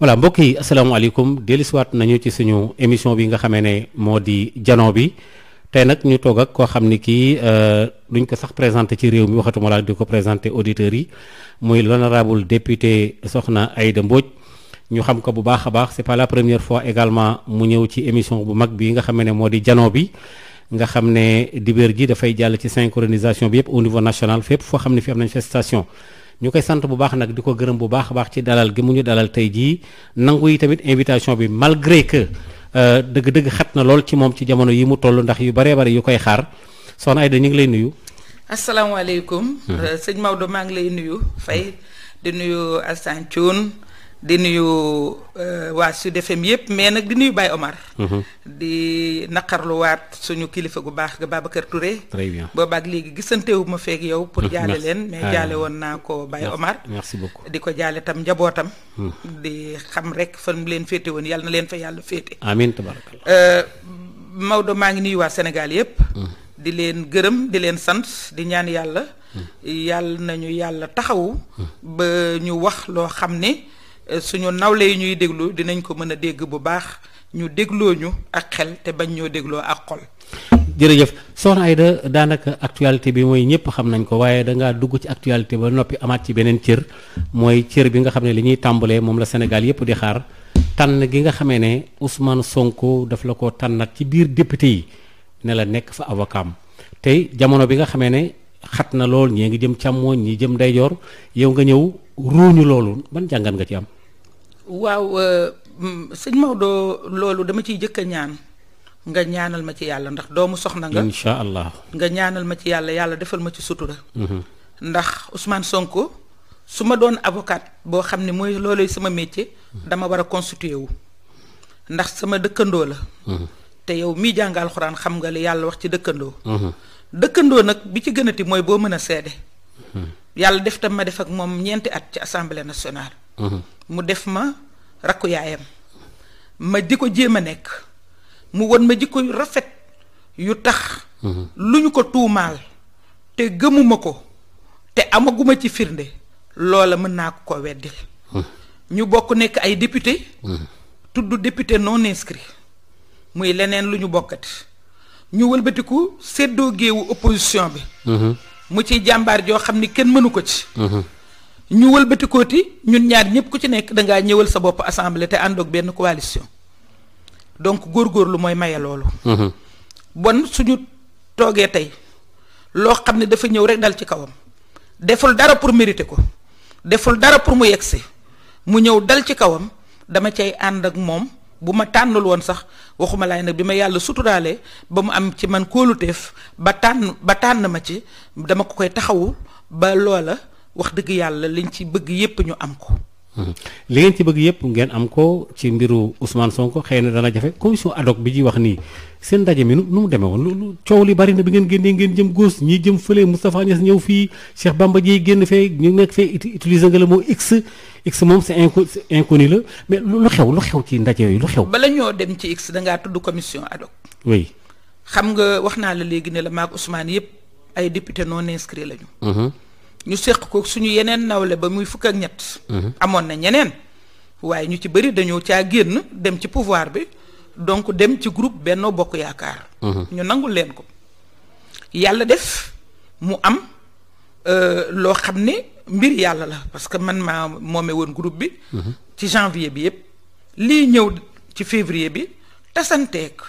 voilà mbokk yi asalaamaaleykum dellusiwaat nañu ci suñu émission bi nga xamee ne moo di jano bi tey nag ñu toog ak koo xam ni kii euh, duñ ko sax présenté ci réew mi waxatuma laa di ko présenté auditeurs yi muy l'honorable député Soxna ay Aïda mbooj ñu xam ko bu baax a baax c'est pas la première fois également mu ñëw ci émission bu mag bi nga xamee ne moo di jano bi nga xam ne dibéer ji dafay jàll ci synchronisation bi yëpp au niveau national fépp foo xam ne fi am nañ manifestation ñu koy sant bu baax nag di ko gërëm bu baax a baax ci dalal gi mu ñu dalal tey jii nangu yi tamit invitation bi malgré que euh, dëgg-dëgg xat na lool ci moom ci jamono yi mu toll ndax yu baree bari yu koy xaar soxna Aida ñu ngi lay nuyu. asalaamaaleykum. Hmm. Euh, sëñ Maodo maa ngi lay nuyu Faye hmm. di nuyu Assane Thioune di nuyu euh, waa Sud FM yëpp mais nag di nuyu Baye Omar. Mhm. di naqarluwaat suñu kilifa gu baax ga Babacar Touré. très bien boobaak léegi gisantewu ma feeg yow. pour jaale leen mais ah. jaale woon naa ko Baye Omar. merci beaucoup di ko jaale tam njabootam. Hmm. di xam rek fa mu leen féete woon yàlla na leen fa yàlla féete. amiin tabaaraka euh, maa ngi nuyu waa Sénégal yëpp. Hmm. di leen gërëm di leen sant di ñaan yàlla. Hmm. yàlla nañu yàlla taxawu. ba ñu wax loo xam ne. Euh, suñu nawle yi ñuy déglu dinañ ko mën a dégg bu baax ñu dégloo ñu ak xel te bañ ñoo dégloo ak xol. jërëjëf soxna Aida daanaka actualité bi mooy ñëpp xam nañ ko waaye dangaa dugg ci actualité ba noppi amaat ci beneen cër mooy cër bi nga xam ne li ñuy tàmbalee moom la Sénégal yëpp di xaar tànn gi nga xamee ne Ousmane Sonko daf la ko tànnaat ci biir député yi ne la nekk fa avocat tey jamono bi nga xamee ne. xat na lool ñee ngi jëm càmmooñ ñi jëm ndeyjoor yow nga ñëw ruuñu loolu ban jàngat nga ci am. waaw euh, sëñ Maodo loolu dama ciy jëkk a ñaan nga ñaanal ma ci yàlla ndax doomu soxna nga. incha allah nga ñaanal ma ci yàlla yàlla defal ma ci sutura. Mm-hmm. ndax Ousmane Sonko su ma doon avocat boo xam ne mooy loolay sama métier dama war a constitué wu ndax sama dëkkandoo la. Mm-hmm. te yow mii jàng alxuraan xam nga li yàlla wax ci dëkkandoo. Mm-hmm. dëkkandoo nag bi ci gënati mooy boo mën a seede yàlla def tam ma def ak moom ñeenti at ci assemblée nationale mhm. mu def ma rakkuyaayam ma di ko jéem a nekk mu won ma jikko yu rafet yu tax mhm. lu ñu ko tuumaal te gëmuma ko te amaguma ci firnde loola mën naa ko ko weddil mhm. ñu bokk nekk ay député tudd député non inscrit muy leneen lu ñu bokkati ñu wëlbatiku seddoo géewu opposition bi. Mm-hmm. mu ciy jàmbaar joo xam ni kenn mënu ko ci. Mm-hmm. ñu wëlbatikooti ñun ñaar ñëpp ku ci nekk da ngaa ñëwal sa bopp assemblée te àndoog benn coalition. donc góor góorgóorlu mooy maye loolu. Mm-hmm. bon suñu toogee tey loo xam ne dafa ñëw rek dal ci kawam. deful dara pour mériter ko deful dara pour mu yegsi mu ñëw dal ci kawam dama cay ànd ak moom. bu ma tànnul woon sax waxuma laay nag bi ma yàlla suturaalee ba mu am ci man kóoluteef ba tànn ba tànn ma ci dama ko koy taxawu ba loola wax dëgg yàlla liñ ci bëgg yépp ñu am ko li ngeen ci bëgg yëpp ngeen am ko ci mbiru Ousmane Sonko xëy na dana jafe commission ad bi ñuy wax nii seen ndaje mi nu mu demee woon lu coow li bari na bi ngeen génnee ngeen jëm góos ñi jëm fële Moustapha Niass ñëw fii Cheikh Bamba Dièye génn fee ñu nekk fee utiliser nga la moo x x moom c'est inco la mais lu xew lu xew ci ndaje yi lu xew. bala ñoo dem ci x da ngaa tudd commission ad hoc. xam nga wax naa la léegi ne la maag Ousmane yëpp ay député non inscrits lañu. Mm-hmm. ñu séq ko suñu yeneen nawle ba muy fukk ak ñett. Mhm. amoon na ñeneen. waaye ñu ci bëri dañoo caa génn dem ci pouvoir bi donc dem ci groupe Benno Bokk Yaakaar. Mhm. ñu nangul leen ko. yàlla def mu am euh, loo xam ne mbir yàlla la parce que man maa moome woon groupe bi. Mhm. ci janvier bi yëpp. lii ñëw ci février bi tasanteeg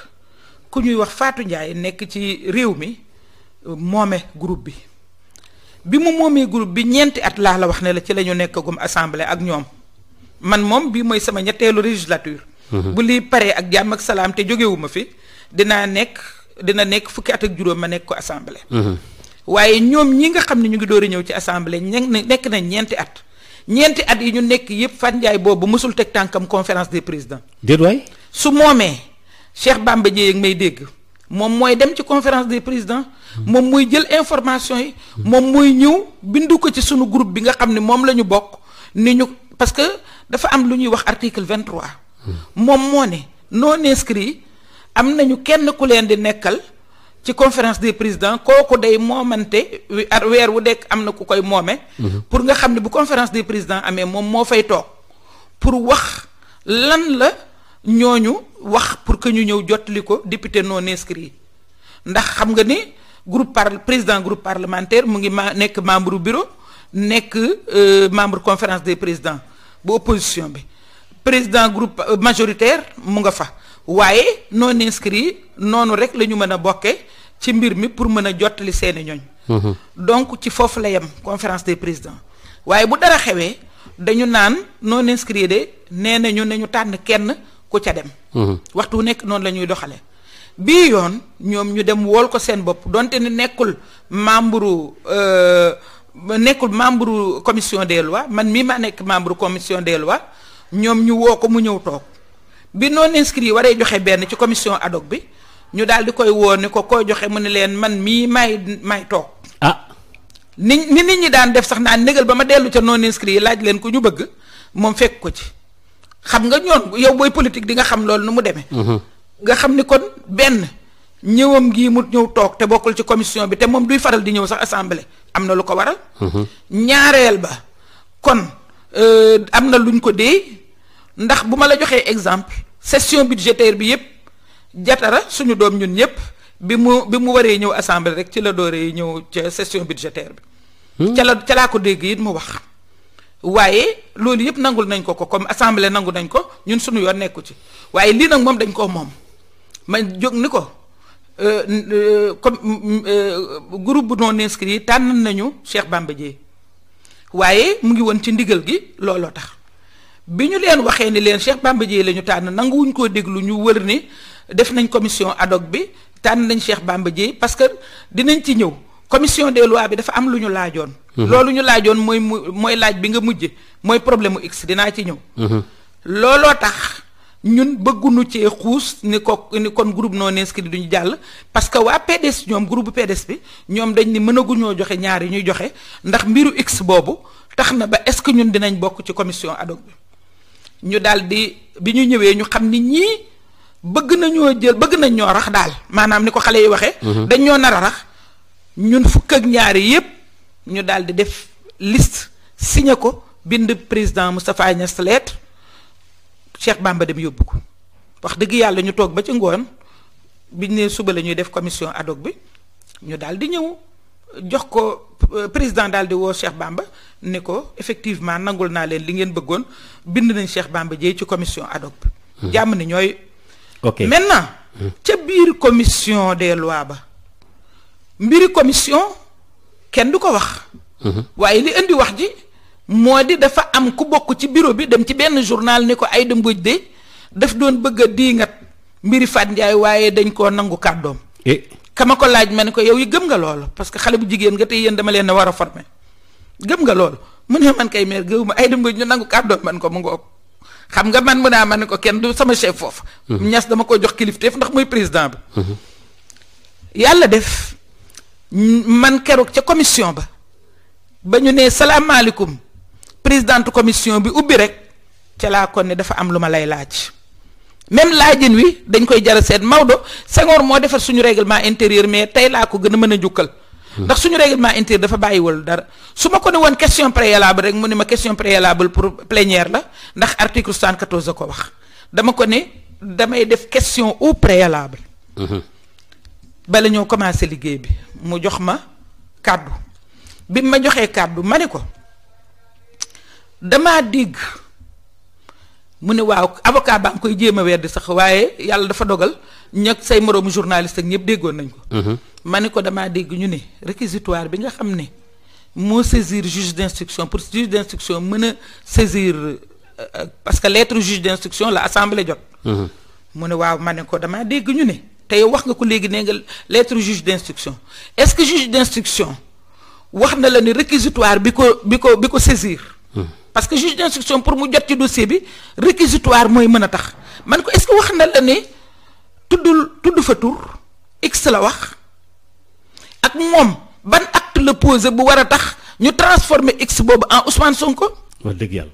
ku ñuy wax faatu Ndiaye nekk ci réew mi moome groupe bi. bi mu moomee groupe bi ñeenti at laa la wax ne la ci lañu ñu nekk gum assemblée ak ñoom man moom bii mooy sama ñetteelu législature. Mhm. bu lii paree ak jàmm ak salaam te jógewu ma fi dinaa nekk dina nekk fukki at ak juróom ma nekk ko assemblée. Mhm. waaye ñoom ñi nga xam ne ñu ngi door ñëw ci assemblée nekk nañ ñeenti at ñeenti at yi ñu nekk yëpp Fatou Ndiaye boobu mësul teg tànkam conférence des président déet waay su moomee Cheikh Bamba Dièye may dégg. moom mooy dem ci conférence des président moom mooy jël information yi moom mooy ñëw bindu ko ci suñu groupe bi nga xam ne moom la ñu bokk ni ñu parce que dafa am lu ñuy wax article vingt moom moo ne non inscrit am nañu kenn ku leen di nekkal ci conférence des président kooku day moomante weer wu dekk am na ku koy moome pour nga xam ne bu conférence des présidents amee moom moo fay toog pour wax lan la ñu wax pour que ñu ñëw jottali ko député non inscrit ndax xam nga ni groupe par président groupe parlementaire mu ngi ma nekk membre bureau nekk euh, membre conférence des président bu opposition bi président groupe euh, majoritaire mu nga fa waaye non inscrit noonu rek la ñu mën a bokkee ci mbir mi pour mën a jottali seeni ñooñ mhm. donc ci foofu la yem conférence des président waaye bu dara xewee dañu naan non inscrit de nee nañu nañu tànn kenn ku ca dem mm-hmm. waxtu wu nekk noonu la ñuy doxale bii yoon ñoom ñu dem wool ko seen bopp donte ne nekkul membre euh, nekkul membre commission des man mii maa nekk membre commission des ñoom ñu woo ko mu ñëw toog bi non inscrit waree joxe benn ci commission ad bi ñu daal di koy woo ni ko koy joxe mu ne leen man mii may may toog ah ni ni nit ñi daan def sax naan négal ba ma dellu ca non inscrit yi laaj leen ku ñu bëgg moom fekk ko ci xam nga ñoon yow booy politique di nga xam loolu nu mu demee. Mhm. nga xam ni kon benn ñëwam gii mu ñëw toog te bokkul ci commission bi te moom duy faral di ñëw sax assemblée am na lu ko waral. Mhm. ñaareel ba kon euh, am na luñ ko dee ndax bu ma la joxee exemple session budgétaire bi yëpp jatara suñu doom ñun ñëpp bi mu bi mu waree ñëw assemblée rek ci la dooree ñëw ca session budgétaire bi. Hmm. ca la ca laa ko dégg it mu wax. waaye loolu yëpp nangul nañ ko ko comme assemblée nangu nañ ko ñun suñu yoon nekku ci waaye lii nag moom dañ koo moom ma jóg ni ko euh, euh, comme euh, groupe bu non inscrit yi tànn nañu Cheikh Bamba Dièye waaye mu ngi woon ci ndigal gi looloo tax bi ñu leen waxee ni leen Cheikh Bamba Dièye la ñu tànn nanguwuñ koo déglu ñu wër ni def nañ commission ad hoc bi tànn nañ Cheikh Bamba Dièye parce que dinañ ci ñëw commission des lois bi dafa am lu ñu laajoon. Mhm. loolu ñu laajoon mooy mu mooy laaj bi nga mujje mooy problème mu x dinaa ci ñëw. Mhm. looloo tax ñun bëgguñu ci xuus ni ko ni kon groupe non inscrit ñu jàll parce que waa PDS ñoom group pedes bi ñoom dañ ni mënaguñoo joxe ñaar yi ñuy joxe ndax mbiru x boobu tax na ba est-ce que ñun dinañ bokk ci commission ad bi ñu daal di bi ñu ñëwee ñu xam ni ñii bëgg nañoo jël bëgg nañ ñoo rax daal maanaam ni ko xale yi waxee. Mhm. dañ ñoo nar a rax. ñun fukk ak ñaari yépp ñu daal di def liste signé ko bind président Moustapha Niass lettre Cheikh dem yóbbu ko wax dëgg yàlla ñu toog ba ci ngoon bi ne suba la ñuy def commission ad bi ñu daal di ñëw jox ko euh, président daal di woo Cheikh Bamba ne ko effectivement nangul naa leen li ngeen bëggoon bind nañ Cheikh Bamba Dièye ci commission ad bi. Hmm. jàmm ni ñooy. ok maintenant. ca biir commission des lois ba. mbiri commission kenn du ko wax. Mhm. waaye li indi wax ji moo di dafa am ku bokk ci bureau bi dem ci benn journal ni ko ay dëmbëj de daf doon bëgg a ngat mbiri Fatou Ndiaye waaye dañ koo nangu kàddoom. E. kama ko laaj ma ne ko yow yi gëm nga loolu parce que xale bu jigéen nga tey yéen dama leen a war a former gëm nga loolu mu ne man kay meer ma ay Mbodj ñu nangu kàddoom man ko mu ngoog xam nga man mu naa man ne ko kenn du sama chef foofu. Mhm. ñas dama ko jox kilifteef ndax mooy président mhm. yàlla def. man keroog ca commission ba ba ñu nee salaamaaleykum présidente commission bi ubbi rek ca laa kon ne dafa am lu ma lay laaj même laajin wi dañ koy jara seet Maodo Senghor moo defar suñu réglement intérieur mais tey laa ko gën a mën a jukkal. ndax suñu règlement intérieur dafa bàyyiwul dara su ma ko ne woon question préalable rek mu ne ma question préalable pour plénière la ndax article 74 a ko wax dama ko ne damay def question au préalable. bala ñoo commencé liggéey bi mu jox ma kàddu bi ma joxee kàddu ma ne ko damaa dégg mu ne waaw avocat baa ngi koy jéem a weddi sax waaye yàlla dafa dogal ñag say moroomu journaliste ak ñëpp déggoon nañ ko. Mhm. ma ne ko damaa dégg ñu ne réquisitoire bi nga xam ne moo saisir juge d'instruction pour juge d'instruction mën a saisir euh, euh, parce que lettre juge d'instruction la assemblée jot. Mhm. mu ne waaw ma ne ko damaa dégg ñu ne. te wax nga ko léegi nee nga lettre juge d'instruction est-ce que juge d'instruction wax na la ni réquisitoire bi ko bi ko bi ko saisir. Hmm. parce que juge d'instruction pour mu jot ci dossier bi réquisitoire mooy mën a tax man ko est-ce que wax na la ne tuddul tudd fa tur x la wax ak moom ban acte la posé bu war a tax ñu transformer x boobu en Ousmane Sonko. wax dëgg yàlla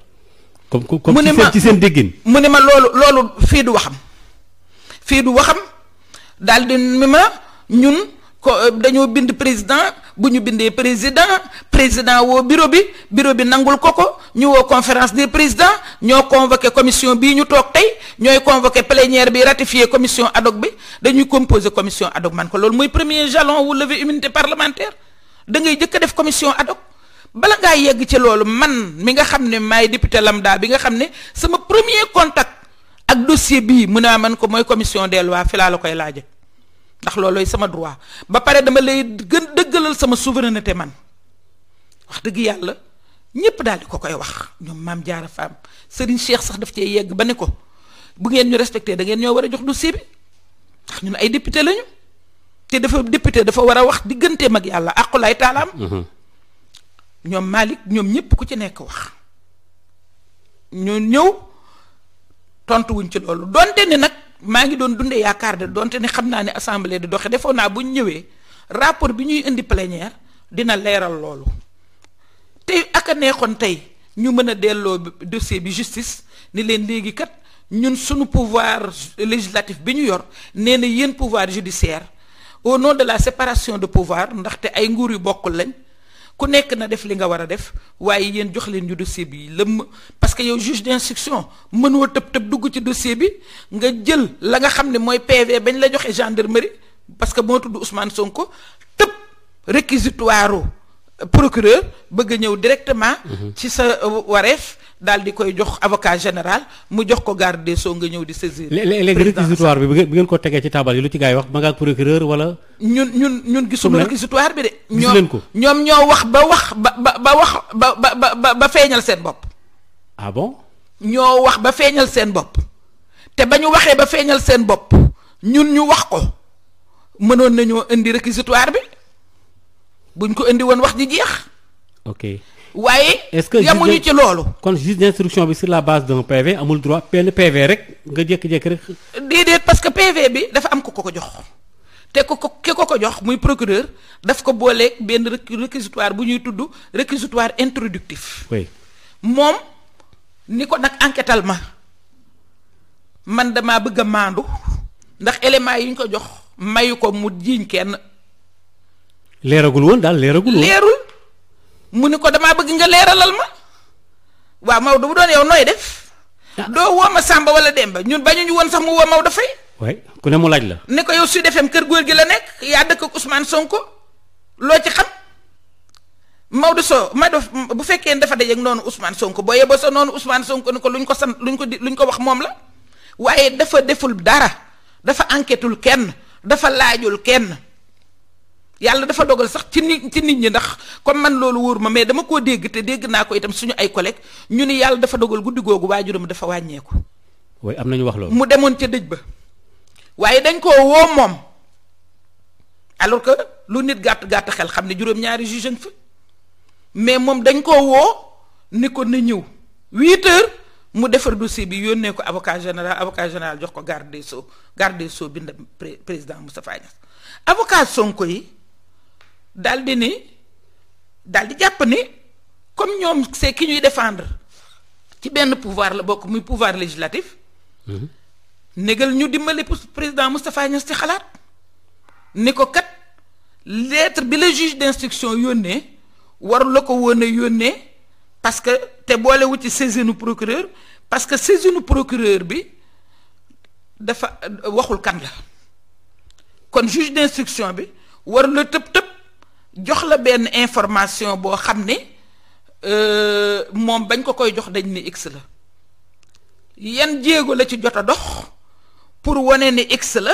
comme comme ci seen déggin mu ne ma loolu loolu fii du waxam fii du waxam. daal di mi ma ñun ko dañoo bind président bu ñu bindee président président woo bureau bi bureau bi nangul ko ko ñu woo conférence des président ñoo convoqué commission bii ñu toog tey ñooy convoqué plénière bi ratifié commission ad hoc bi dañuy composé commission ad hoc man ko loolu mooy premier jalon wu lever immunité parlementaire da ngay jëkk def commission ad hoc bala ngaa yegg ci loolu man mi nga xam ne maay député lambda bi nga xam ne sama premier contact ak dossier bii mën naa man ko mooy commission des lois fi koy laaje ndax loolooy sama droit ba pare dama lay gën dëggalal sama souveraineté man wax dëgg yàlla ñépp daal di ko koy wax ñoom maam jaara faam Serigne Cheikh sax daf cee yegg ba ne ko bu ngeen ñu respecté da ngeen ñoo war a jox dossier bi ndax ne ay député lañu te dafa député dafa war a wax digganteem ak yàlla aqulaay taalaam mhm. ñoom Malick ñoom ñépp ku ci nekk wax ñu ñëw tontu wuñ ci loolu donte ni nag maa ngi doon dundee yaakaar de donte ne xam naa ne assemblée di doxe defoon naa bu ñëwee rapport bi ñuy indi plénière dina leeral loolu te ak a neexoon tey ñu mën a delloo dossier bi justice ni leen léegi kat ñun suñu pouvoir législatif bi ñu yor nee na yéen pouvoir judiciaire au nom de la séparation de pouvoir ndaxte ay nguur yu bokkul lañ ku nekk na def li nga war a def waaye yéen jox leen ñu dossier bi lëmm parce que yow juge d'instruction mënoo tëb tëb dugg ci dossier bi nga jël la nga xam ne mooy PV bañ la joxe gendarmerie parce que boo tudd Ousmane Sonko tëb réquisitoire procureur bëgg a ñëw directement. Mhm. ci sa euh, wareef. daal di koy jox avocat général mu jox ko garde des sceaux nga ñëw di saisir. léegi réquisitoire bi bi ngeen ko tegee ci taabal yi lu ci gars yi wax maga ak procureur wala. ñun ñun ñun gisuñu réquisitoire bi de. gis leen ko ñoom ñoo wax ba wax ba ba ba wax ba ba ba ba feeñal seen bopp. ah bon. ñoo wax ba feeñal seen bopp te ba ñu waxee ba feeñal seen bopp ñun ñu wax ko mënoon nañoo indi réquisitoire bi buñ ko indi woon wax ji jeex. ok waaye. est-ce que yamuñu ci loolu. kon juge d'instruction bi si la base d'un PV amul droit benn PV rek nga jékki-jékki rek. déedéet parce que PV bi dafa am ko ko ko jox te ko ko ki ko ko jox muy procureur daf ko booleeg benn rek réquisitoire bu ñuy tudd réquisitoire introductif. oui moom ni ko nag enquêtal ma man damaa bëgg a maandu ndax éléments yi ñu ko jox mayu ko mu jiiñ kenn. leeragul woon daal leeragul woon leerul. mu ni ko damaa bëgg nga leeralal ma waaw Maodo bu doon yow nooy def. Ah. doo woo sàmba Samba wala Demba ñun bañuñu woon sax mu woo maw dafay ku ne mu laaj la. ne ko yow Sud FM kër góor gi la nekk yaa dëkk ak Ousmane Sonko loo ci xam Maodo Sow Maodo bu fekkee dafa dajeeg noonu Ousmane Sonko boo yeboo sa noonu Ousmane Sonko ni ko lu ñu ko sant luñ ko di luñ ko wax moom la waaye dafa deful dara dafa enquêtul kenn dafa laajul kenn. yàlla dafa dogal sax ci nit ci nit ñi ndax comme man loolu wóor ma mais dama koo dégg te dégg naa ko itam suñu ay collègues ñu ni yàlla dafa dogal guddi googu waajuram dafa wàññeeku. waaye am nañu wax loolu. mu demoon ca dëj ba waaye dañ koo woo moom alors que lu nit gàtt gàtt xel xam ne juróom-ñaari juge fa mais moom dañ koo woo ni ko na ñëw huit heures. mu defar dossier bi yónnee ko avocat général avocat général jox ko garde des sceaux garde des sceaux bind président Moustapha Niass avocat yi daal di ni daal di jàpp ni comme ñoom se ki ñuy defendre ci benn pouvoir la bokk muy pouvoir législatif mhm. négal ñu dimbali président Moustapha Niass ci xalaat ni ko kat leetre bi la juge d'instruction yónnee war la ko woon a yónnee parce que te boolewu ci saisinu procureur parce que saisinu procureur bi dafa waxul kan la kon juge d'instruction bi war la tëb tëb jox la benn information boo xam ne euh, moom bañ ko koy jox dañ ne x la yan jéego la ci jot a dox pour wane ni x la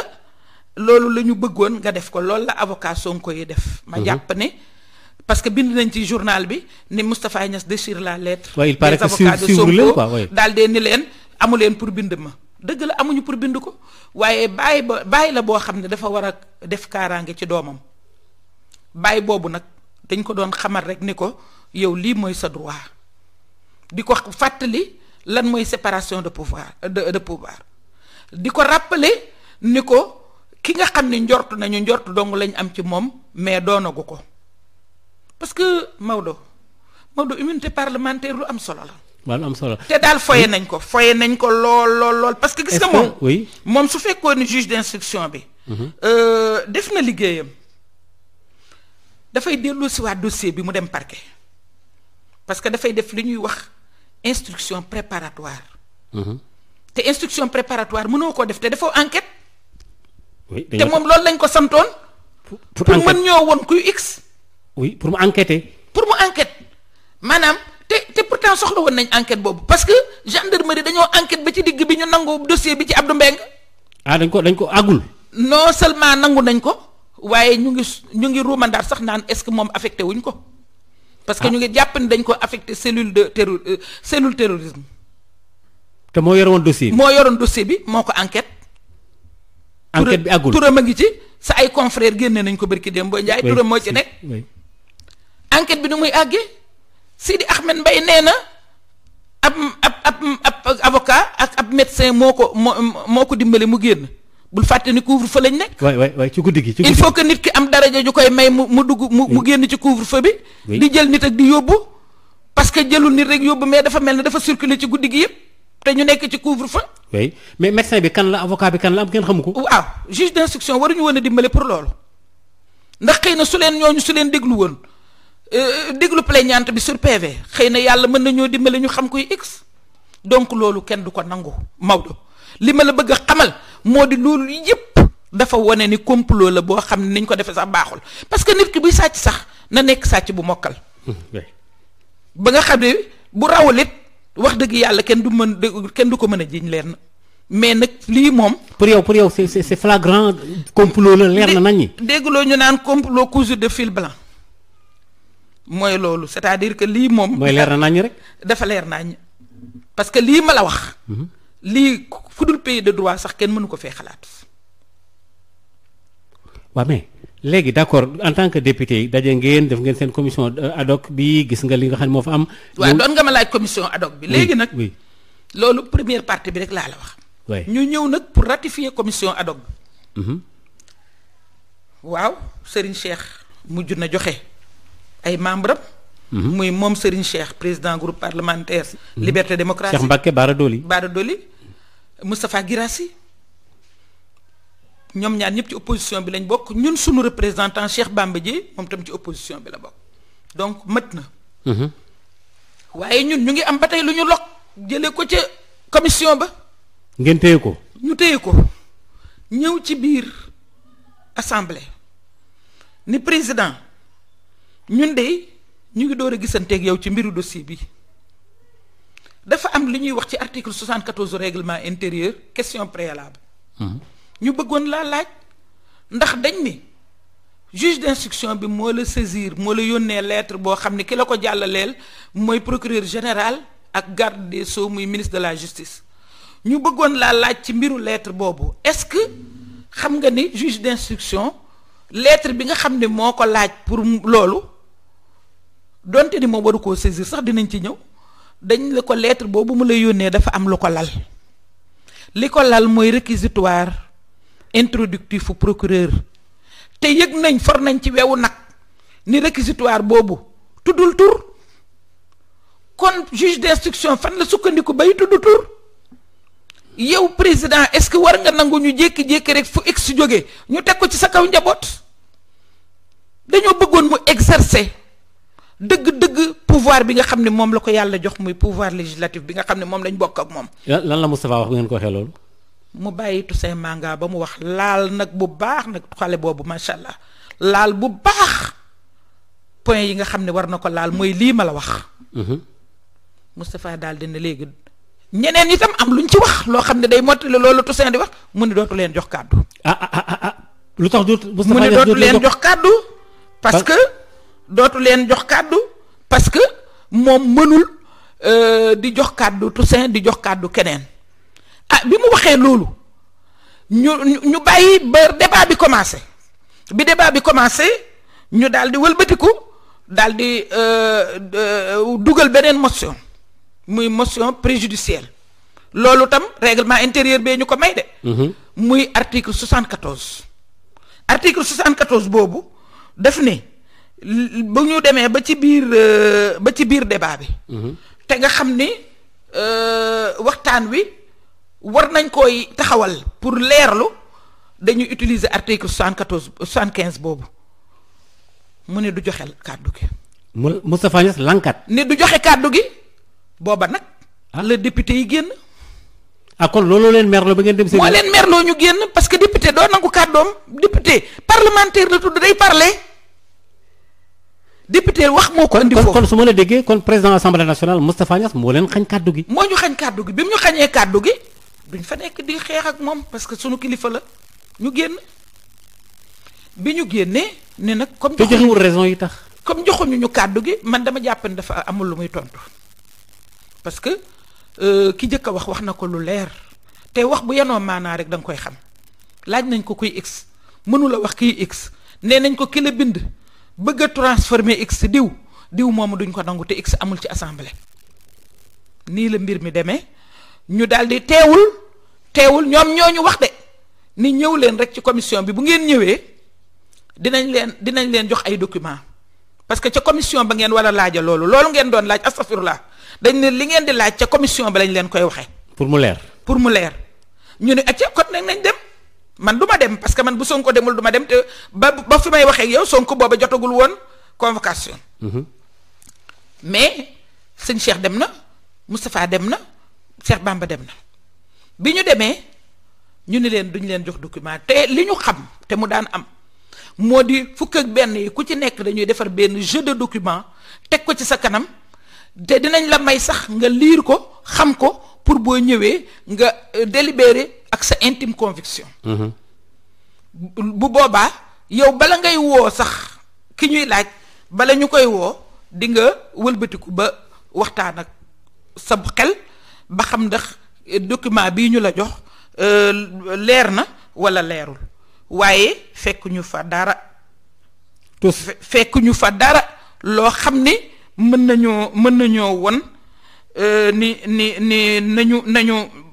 loolu la ñu bëggoon nga def ko lool la avocat Sonko yi def. ma mhm. jàpp ne parce que bind nañ ci journal bi ni Moustapha Niass déchire la lettre. waaw il paraît que de Sonko daal de ni leen amu leen pour bind ma. dëgg la amuñu pour bind ko waaye bàyyi ba bàyyi la boo xam ne dafa war a def kaaraange ci doomam. bàyyi boobu nag dañ ko doon xamal rek ni ko yow lii mooy sa droit di ko fàttali lan mooy séparation de pouvoir de de pouvoir di ko rappeler ni ko ki nga xam ne njort nañu njort dong lañ am ci moom mais doonagu ko parce que Maodo Maodo immunité parlementaire lu am solo la. waaw am solo te daal foye nañ ko foye nañ ko lool lool lool. parce que gis nga moom su fekkoon ne juge d'instruction bi. Mm-hmm. Euh, def na liggéeyam. dafay dellu si waat bi mu dem parquet parce que dafay def li ñuy wax instruction préparatoire. Mm-hmm. te instruction préparatoire mënoo koo def te defoo enquête. oui te moom loolu lañ ko santoon. pour pour mën ñoo woon kuy x. oui pour mu enquêter. pour mu enquête maanaam te te pourtant soxla woon nañ enquête boobu parce que gendarmerie dañoo enquête ba ci digg bi ñu nangu dossier bi ci Abdou Mbengue. ah dañ ko dañ ko àggul. non seulement nangu nañ ko. waaye ñu ngi ñu ngi ruumandaat sax naan est-ce que moom affecté wuñ ko. parce que ah. ñu ngi jàpp ni dañ ko affecté cellule de terror euh, cellule terrorisme. te moo yoroon dossier bi moo yoroon dossier bi moo ko enquête. enquête bi àggul turam a ngi ci sa ay confrères génne nañ ko barki Demba Ndiaye. turam moo ci nekk. enquête bi nu muy àggee Sidi Ahmed Mbaye nee na ab ab ab ab avocat ak ab médecin moo ko moo moo ko dimbale mu génn. bul fàtte ni couvre feu lañ nekk. waay waay waaye ci guddi gi ci guddi il faut que nit ki am daraja ju koy may mu mu dugg mu mu génn ci couvre fa bi. di jël nit ak di yóbbu. parce que jëlul nit rek yóbbu mais dafa mel ne dafa circuler ci guddi gi yëpp te ñu nekk ci couvre fa mais médecin bi kan la avocat bi kan la am kenn xamu ko. waaw juge d'instruction waruñu woon a dimbale pour loolu ndax xëy na su leen ñooñu su leen déglu woon euh, déglu plaignante bi sur xëy na yàlla mën nañoo dimbale ñu xam koy x donc loolu kenn du ko nangu Maodo li ma la bëgg a xamal. moo di loolu yépp dafa wane ni complot la boo xam ne niñ ko defee sax baaxul parce que nit ki buy sàcc sax na nekk sàcc bu mokkal. ba nga xam ne bu rawalit wax dëgg yàlla kenn du mën kenn du ko mën a leer na mais nag lii moom. pour yow pour yow c'est c'est flagrant complot la leer na nañ ñi. déggloo ñu naan complot cousu de fil blanc mooy loolu c'est-à-dire que lii moom. mooy leer na nañ rek. dafa leer nañ parce que lii ma la wax. Mm-hmm. lii fu dul pays de droit sax kenn mënu ko fee xalaat. waa mais léegi d'accord en tant que yi daje ngeen def ngeen seen commission euh, ad bi gis nga li nga xam ne moo fa am. waaw doon nga ma laaj commission ad bi. léegi nag loolu première partie bi rek laa la wax. ñu ñëw nag pour ratifier commission ad hoc bi. Mhm. waaw Serigne Cheikh mujj na joxe ay membres mooy mm-hmm. moom Serigne Cheikh président groupe parlementaire. Mm-hmm. liberté démocratie Cheikh Mbacke Baara Doli. Baara Doli Moustapha Girassi ñoom ñaar ñëpp ci opposition bi lañ bokk ñun suñu représentant Cheikh Bamba ji moom tam ci opposition bi la bokk donc mat na. Mm-hmm. waaye ñun ñu ngi am ba tey lu ñu lokk jëlee ko ca commission ba. ngeen téye ko. ñu téye ko ñëw ci biir assemblée ni président ñun de. ñu ngi door a gisanteeg yow ci mbiru dossier bi dafa am li ñuy wax ci article 74 règlement intérieur question préalable. Hmm. ñu bëggoon laa laaj ndax dañ ni juge d'instruction bi moo la saisir moo la yónnee lettre boo xam ne ki la ko jàllaleel mooy procureur général ak garde des sceaux muy ministre de la justice ñu bëggoon laa laaj ci mbiru lettre boobu est-ce que xam nga ni juge d'instruction lettre bi nga xam ne moo ko laaj pour loolu. donte ni moom waru koo saisir sax dinañ ci ñëw dañ la ko lettre boobu mu lay yónnee dafa am lu ko lal li ko lal mooy réquisitoire introductif fu procureur te yëg nañ for nañ ci wewu nag ni réquisitoire boobu tuddul tur kon juge d'instruction fan la sukkandiku bay tudd tur yow président est-ce que war nga nangu ñu jékki-jékki rek fu ex jóge ñu teg ko ci sa kaw njaboot dañoo bëggoon mu exercer dëgg-dëgg pouvoir bi nga xam ne moom la ko yàlla jox muy pouvoir législatif bi nga xam ne moom lañ bokk ak moom. lan la Moustapha wax bi ngeen ko waxee mu bàyyi Toussaint Manga ba mu wax laal nag bu baax nag xale boobu macha allah laal bu baax point yi nga xam ne war na ko laal mooy lii ma la wax. mustafa mhm. daal dina léegi ñeneen tam am luñ ci wax loo xam ne day mottali loolu Toussaint di wax mu ne dootu leen jox kàddu. ah ah, ah, ah mu ne dootu leen jox kàddu parce que. dootu leen jox kàddu parce que moom mënul euh, di jox kàddu Toussaint di jox kàddu keneen ah bi mu waxee loolu ñu ñu bàyyi ba débat bi commencé bi débat bi commencé ñu daal di wëlbatiku daal di euh, dugal beneen motion muy motion préjudicielle loolu tam règlement intérieur bee ñu ko may de. Mm-hmm. muy mm -hmm. article 74. article 74 boobu def ni. bu ñu demee ba ci biir euh, ba ci biir débat bi. Mhm. te nga xam ni euh, waxtaan wi war nañ koy taxawal pour leerlu dañuy utiliser article soixante-quatorze soixante-quinze boobu mu ne du joxe kàddu gi. mu Moustapha Niass lankat. ne du joxe kàddu gi booba nag. Ah. la député yi génn. ah kon loolu leen merloo ba ngeen dem. seen moo leen merloo ñu génn parce que député doo nangu kàddoom député parlementaire la tudd day parler. député wax moo ko indi kon su ma la déggee kon président assemblée nationale Moustapha Niass moo leen xañ kàddu gi. moo ñu xañ kàddu gi bi mu ñu xañee kàddu gi duñ fa nekk di xeex ak moom parce que sunu kilifa la ñu génn bi ñu génnee ne nag. comme te joxewul yi tax. comme joxuñu ñu kàddu gi man dama jàpp ne dafa amul lu muy tontu parce que euh, ki njëkk a wax wax na ko lu leer te wax bu yenoo maanaa rek da nga koy xam laaj nañ ko kuy x mënula wax kiy x nee nañ ko ki bind. bëgg a transformer x diw diw moomu duñ ko nangu te x amul ci assemblée nii la mbir mi demee ñu daal di teewul teewul ñoom ñoo ñu wax de ni ñëw leen rek ci commission bi bu ngeen ñëwee dinañ leen dinañ leen jox ay document parce que ca commission ba ngeen war a laaja loolu loolu ngeen doon laaj astafurlah dañ ne li ngeen di laaj ca commission ba lañ leen koy waxee. pour mu leer. pour mu leer ñu ne acca kon nag nañ dem. man du ma dem parce que man bu Sonko demul duma ma dem te ba ba fi may waxee yow Sonko booba jotagul woon convocation. Mhm. mais sëñ Cheikh dem na Moustapha dem na Cheikh Bamba dem na bi ñu demee ñu ni leen duñ leen jox document te li ñu xam te mu daan am moo di fukk benn yi ku ci nekk dañuy defar benn jeu de document teg ko ci sa kanam te dinañ la may sax nga liir ko xam ko pour boo ñëwee nga euh, délibéré. ak sa intime conviction. bu boobaa yow bala ngay woo sax ki ñuy laaj bala ñu koy woo di nga wëlbatiku ba waxtaan ak sa xel ba xam ndax eh, document bii ñu la jox euh, leer na walla leerul waaye fekk ñu fa dara. tous ñu fa dara loo xam ni mën nañoo mën nañoo won euh, ni ni ni nañu nañu.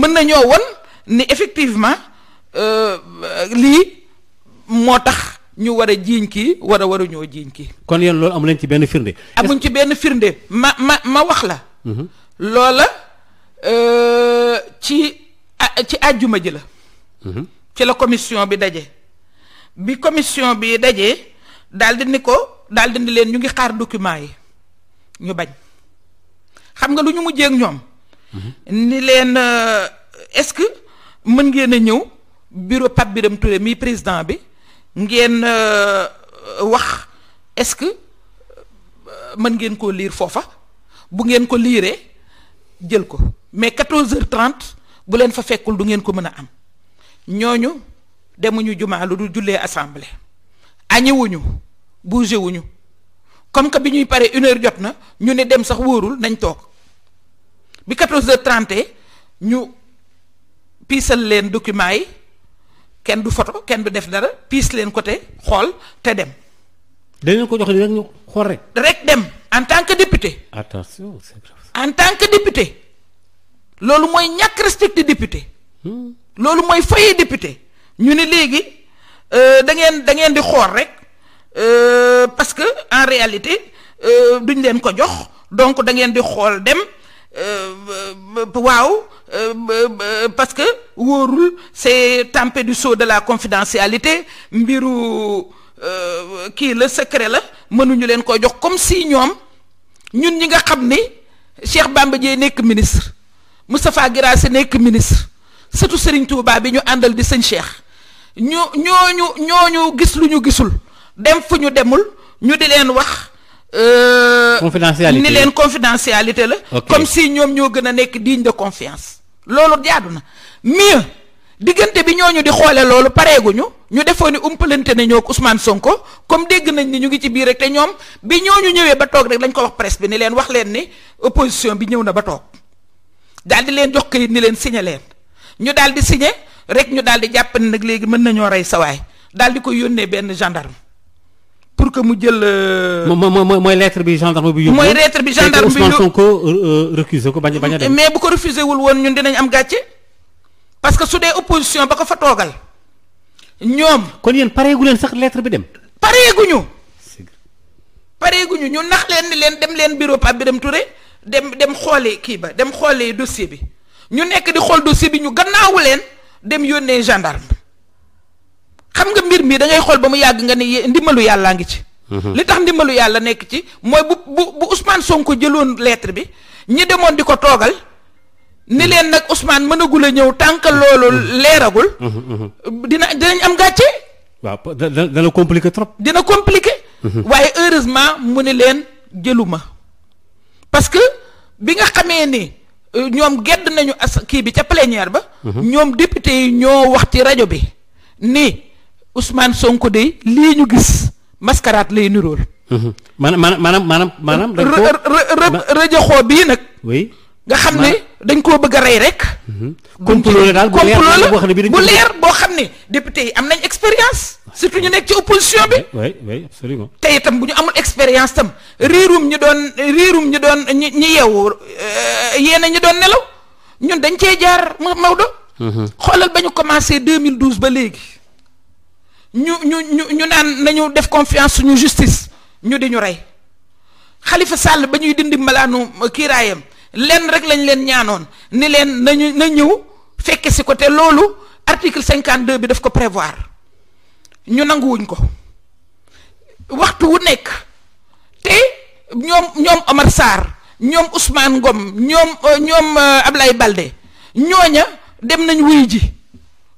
mën nañoo won ni effectivement euh, lii moo tax ñu war a jiiñ kii war a waruñoo jiiñ kii. kon yéen loolu amu leen ci benn firnde. amuñ ci benn firnde ma ma ma wax la. Mm-hmm. loola euh, ci ci àjjuma ji la. Mm-hmm. ci la commission bi daje. bi commission bi dajee daal di ni ko daal di ni leen ñu ngi xaar document yi ñu bañ xam nga lu ñu mujjee ñoom. ni leen euh, est-ce que mën ngeen a ñëw bureau Pape Birame toure mi président bi ngeen euh, wax est-ce que euh, mën ngeen koo liir foofa bu ngeen ko liiree jël ko mais 14 h bu leen fa fekkul du ngeen ko mën a am ñooñu demuñu jumaa lu dul jullee assemblée añiwuñu bougé wuñu comme que bi ñuy pare une heure jot na ñu ne dem sax wóorul nañ toog. bi 14 heures 30 ñu piisal leen document yi kenn du foto kenn du def dara piis leen côté xool te dem. dañu ko jox rek ñu xool rek. rek dem en tant que député. en tant que député loolu mooy ñàkk respecté député. Hmm. loolu mooy foyee député ñu ne léegi euh, da ngeen da ngeen di xool rek euh, parce que en réalité euh, duñ leen ko jox donc da ngeen di xool dem. Euh, euh, waaw euh, parce que wóorul c'est tampé du sceau de la confidentialité mbiru kii la secret la mënuñu leen ko jox comme si ñoom ñun ñi nga xam ni Cheikh Bamba Dièye nekk ministre Moustapha Guirassy nekk ministre surtout Serigne Touba bi ñu àndal di sëñ Cheikh ñu ñooñu ñooñu gis lu ñu gisul dem fu ñu demul ñu di leen wax Euh, confidentialité ni leen confidentialité la. comme si ñoom ñoo gën a nekk digne de confiance. loolu jaadu na mieux diggante bi ñoo ñu di xoole loolu pareeguñu ñu defoon ni umpalante na ñoo Ousmane Sonko comme dégg nañ ni ñu ngi ci biir rek te ñoom bi ñu ñëwee ba toog rek lañ ko wax presse bi ni leen wax leen ni opposition bi ñëw na ba toog daal di leen jox kayit ni leen signé leen ñu daal di rek ñu daal di jàpp nag léegi mën nañoo rey sawaay daal di ko yónnee benn gendarme. pour que mu jël. Euh, moom mooy lettre bi gendarme bi yóbbu. mooy lettre bi gendarme bi yóbbu Ousmane Sonko euh, euh, refusé ko bañ a dem. mais bu ko refusé wul woon ñun dinañ am gàcce parce que su dee opposition ba ko fa toogal ñoom. kon yéen pareegu leen sax lettre bi dem. pareeguñu. pareeguñu ñu nax leen ni leen dem leen bureau Pape Birame Touré dem dem xooli kii ba dem xooli dossier bi ñu nekk di xool dossier bi ñu gannaawu leen dem yónnee gendarme. xam nga mbir mi da ngay xool ba mu yàgg nga ne ndimbalu yàllaa ngi ci. Mhm. li tax ndimbalu yàlla nekk ci mooy bu bu bu Ousmane Sonko jëloon lettre bi ñi demoon di ko toogal. ni mhm. leen nag usmaan mënagul a ñëw tànk loolu mhm. leeragul. dina dinañ am gàcce. waa dana dana compliqué trop. dina compliqué. waaye heureusement mu ni leen jëluma parce que bi nga xamee ni euh, ñoom gedd nañu as kii bi ca plénière ba. ñoom député yi ñoo wax ci rajo bi ni Ousmane Sonko de lii ñu gis mascarade lay nirool. Mhm. maanaam maanaam maanaam maanaam. dañ koo rëjëxoo bii nag. oui nga xam ne dañ koo bëgg a rey rek. Mhm. complot la daal bu leer boo xam ne député yi am nañ expérience. surtout ñu nekk ci opposition bi. oui oui absolument. te itam bu ñu amul expérience tam riirum ñu doon riirum ñu doon ñi ñi yeewu euh, yéena ñu doon nelaw ñun dañ cee jaar Maodo. Mhm. xoolal ba ñu commencé 2012 ba léegi. ñu ñu ñu ñu naan nañu def confiance suñu justice ñu di ñu rey Khalifa Sall ba ñuy dindi malaanu kiiraayam lenn rek lañ leen ñaanoon ni leen nañu na ñëw fekke si ko te loolu article cinquante deux bi daf ko prévoir ñu nanguwuñ ko waxtu wu nekk te ñoom ñoom Omar Sarr ñoom Ousmane Ngom ñoom euh, ñoom euh, Ablaye Balde ñooña dem nañ wuy ji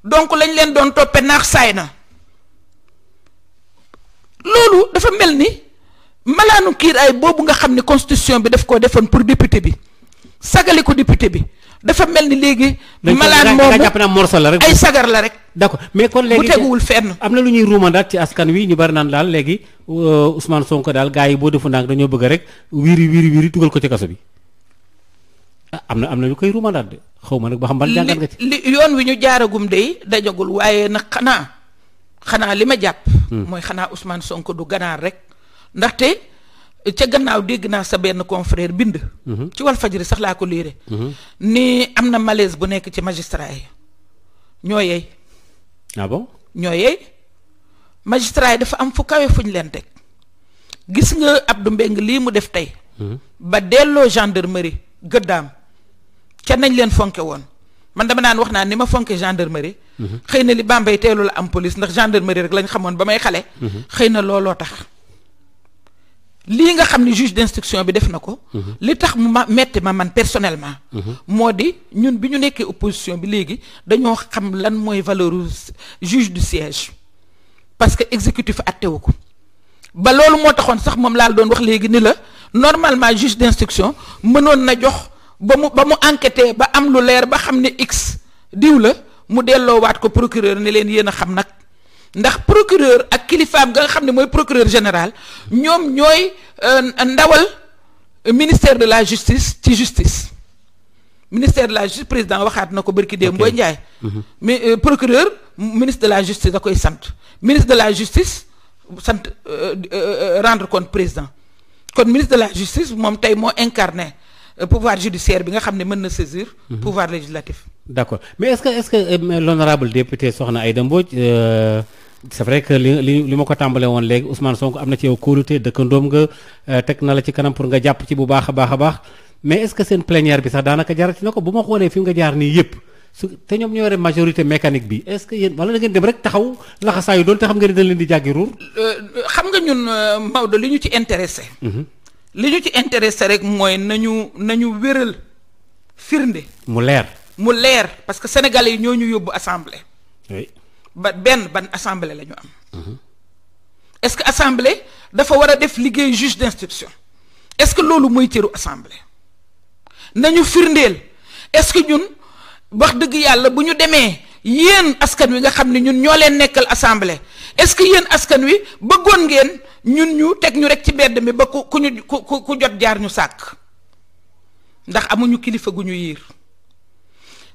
donc lañ leen doon toppe naax saay na loolu dafa mel ni malaanu kiiraay boobu nga xam ne constitution bi daf koo defoon pour député bi sagale ko député bi dafa mel ni léegi. malaan moomu jàpp naa morso la rek ay sagar la rek. d'accord mais kon léegi bu teguwul fenn. am na lu ñuy ruumandaat ci askan wi ñu bari naan daal léegi euh, Ousmane sonk daal gars yi boo defu ndànk dañoo bëgg rek wiiri wiiri wiiri dugal ko ci kaso bi. Ah, am na am na ñu koy ruumandaat de xaw ma nag ba xam ba ban jàngat nga ci. li yoon wi ñu jaaragum de dajagul waaye nag xanaa xanaa li ma jàpp. Hmm. mooy xanaa Ousmane sonk du ganaar rek ndaxte ca gannaaw dégg naa sa benn confrère bind. Hmm. ci wal fajri sax laa ko liire. Hmm. ni am na malaise bu nekk ci magistrat yi ñoo yey. ah dafa am fu kawe fuñ leen teg gis nga Abdou Mbengue lii mu def tey. ba delloo gendarmerie gëddaam ca nañ leen fonke woon. man dama naan wax naa ni ma fonke gendarmerie. Mhm. xëy na li Bambey teelu la am police ndax gendarmerie rek lañ xamoon ba may xale. Mhm. xëy na looloo tax. lii nga xam ne juge d'instruction bi def na ko. Mhm. li tax mu ma metti ma man personnellement. moo di ñun bi ñu nekkee opposition bi léegi dañoo xam lan mooy valeur juge du siège parce que exécutif attewu ko ba loolu moo taxoon sax moom laal doon wax léegi ni la normalement juge d'instruction mënoon na jox. ba mu ba mu enquêté ba am lu leer ba xam ne x diw la mu delloowaat ko procureur ne leen yéen a xam nag ndax procureur ak kilifaam nga xam ne mooy procureur général ñoom ñooy euh, ndawal ministère de la justice ci justice ministère de la justice président waxaat na ko bërki dee mbooy njaay mhm. mais euh, procureur ministre de la justice da koy sant ministre de la justice sant euh, rendre compte président kon ministre de la justice moom tey moo incarné Euh, pouvoir judiciaire bi nga xam ne mën na saisir. Mhm. pouvoir législatif. d' mais est ce que est ce que euh, l'honorable député Soxna Aïda Mbodj euh, c' vrai que li li ma ko tàmbalee woon léegi Ousmane Sonko am na ci yow kóolute dëkkandoom nga teg na la ci kanam pour nga jàpp ci bu baax a baax a baax mais est ce que seen plénière bi sax daanaka jarati na ko bu ma xoolee fi nga jaar nii yëpp. su te ñoom ñoo yore majorité mécanique bi est-ce que yéen wala da ngeen dem rek taxaw laxasaayu doon te xam nga ne dañ leen di jàggi xam nga ñun Maodo li ñu ci intéressé. Mhm. li ñu ci intéressé rek mooy nañu nañu wéral firnde. mu leer mu leer parce que sénégalais yi ñoo ñu yóbbu assemblée. oui ba benn ban assemblée la ñu am. est-ce que assemblée dafa war a def liggéey juge d'instruction est-ce que loolu mooy cëru assemblée nañu firndeel est-ce que ñun wax dëgg yàlla bu ñu demee. yéen askan wi nga xam ne ñun ñoo leen nekkal assemblée est-ce que yéen askan wi bëggoon ngeen ñun ñu teg ñu rek ci bedd mi ba ku ku ñu ku ku jot jaar ñu sàkk ndax amuñu kilifa gu ñu yiir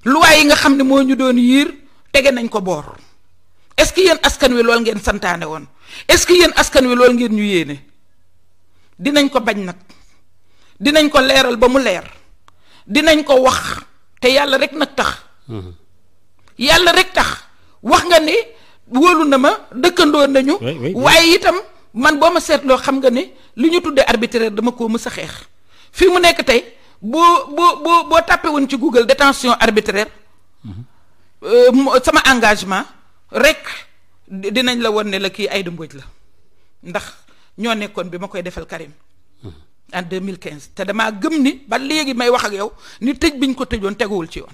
luwaay yi nga xam ne moo ñu doon yiir tege nañ ko boor est-ce que yéen askan wi lool ngeen santaane woon est-ce que yéen askan wi lool ngeen ñu yéene dinañ ko bañ nag dinañ ko leeral ba mu leer dinañ ko wax te yàlla rek nag tax. Mm-hmm. yàlla rek tax wax nga ni wóolu na ma dëkkandoo nañu. waaye itam man boo ma seetloo xam nga ni li ñu tuddee arbitraire dama koo mës xeex fii mu nekk tey boo boo boo boo tàppe woon ci Google détention arbitraire euh, sama engagement rek dinañ la won ne la kii Aïda Mbodj la ndax ñoo nekkoon bi ma koy defal Karim. en quinze te damaa gëm ni ba léegi may wax ak yow ni tëj bi ñu ko tëjoon teguwul ci yoon.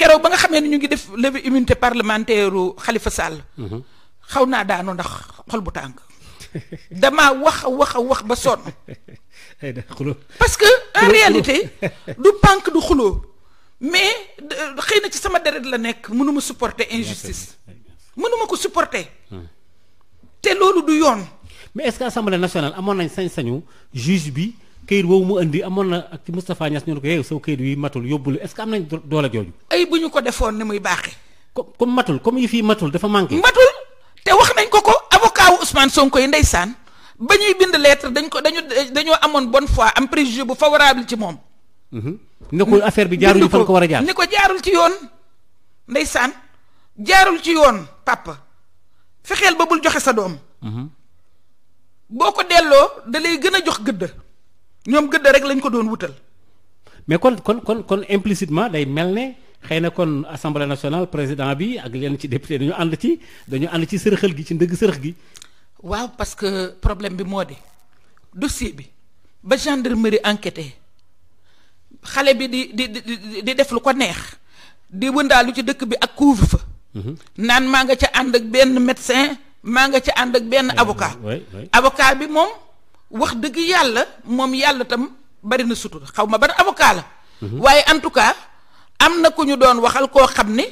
keroog ba nga xamee ne ñu ngi def levée immunité parlementaire Khalifa Sall. Mhm. xaw naa daanu ndax xol bu tànk damaa wax wax wax ba sonn. parce que en réalité du pànk du xuloo mais xëy na ci sama deret la nekk mënuma supporter injustice mënuma ko supporter hmm. te loolu du yoon mais est-ce que assemblée nationale amoon nañ sañ-sañu juge bi këyit woowu mu indi amoon na ak ci Moustapha Niass ñu ne ko yow saw këyit wi matul yóbbul est-ce que am nañ doole jooju. ay bu ñu ko defoon ni muy baaxee. comme comme matul comme yi fii matul dafa manqué. matul te wax nañ ko ko avocat wu Ousmane Sonko yi ndeysaan ba ñuy bind lettre dañ ko dañu dañoo amoon bonne foi am préjugé bu favorable ci moom. Mhm. ne ko affaire bi jaarul fan ko war a jaar ni ko jaarul ci yoon ndeysaan jaarul ci yoon papa fexeel ba bul joxe sa doom. Mhm. boo ko delloo da lay gën a jox gëdd. ñoom gëdd rek lañ ko doon wutal. mais kon kon kon kon implicitement day mel ne xëy na kon assemblée nationale président bi ak leen ci député dañu ànd ci dañu ànd ci sërëxal gi ci ndëgg sërëx gi. waaw parce que problème bi moo di dossier bi ba gendarmerie enquêté xale bi di di di di def lu ko neex di wëndaalu ci dëkk bi ak couvre-feu. Mhm. naan maa nga ca ànd ak benn médecin maa nga ca ànd ak benn avocat. avocat bi moom. wax dëgg yàlla moom yàlla tam bari na sutura xaw ma ba ban avocat la. waaye en tout cas am na ku ñu doon waxal koo xam ni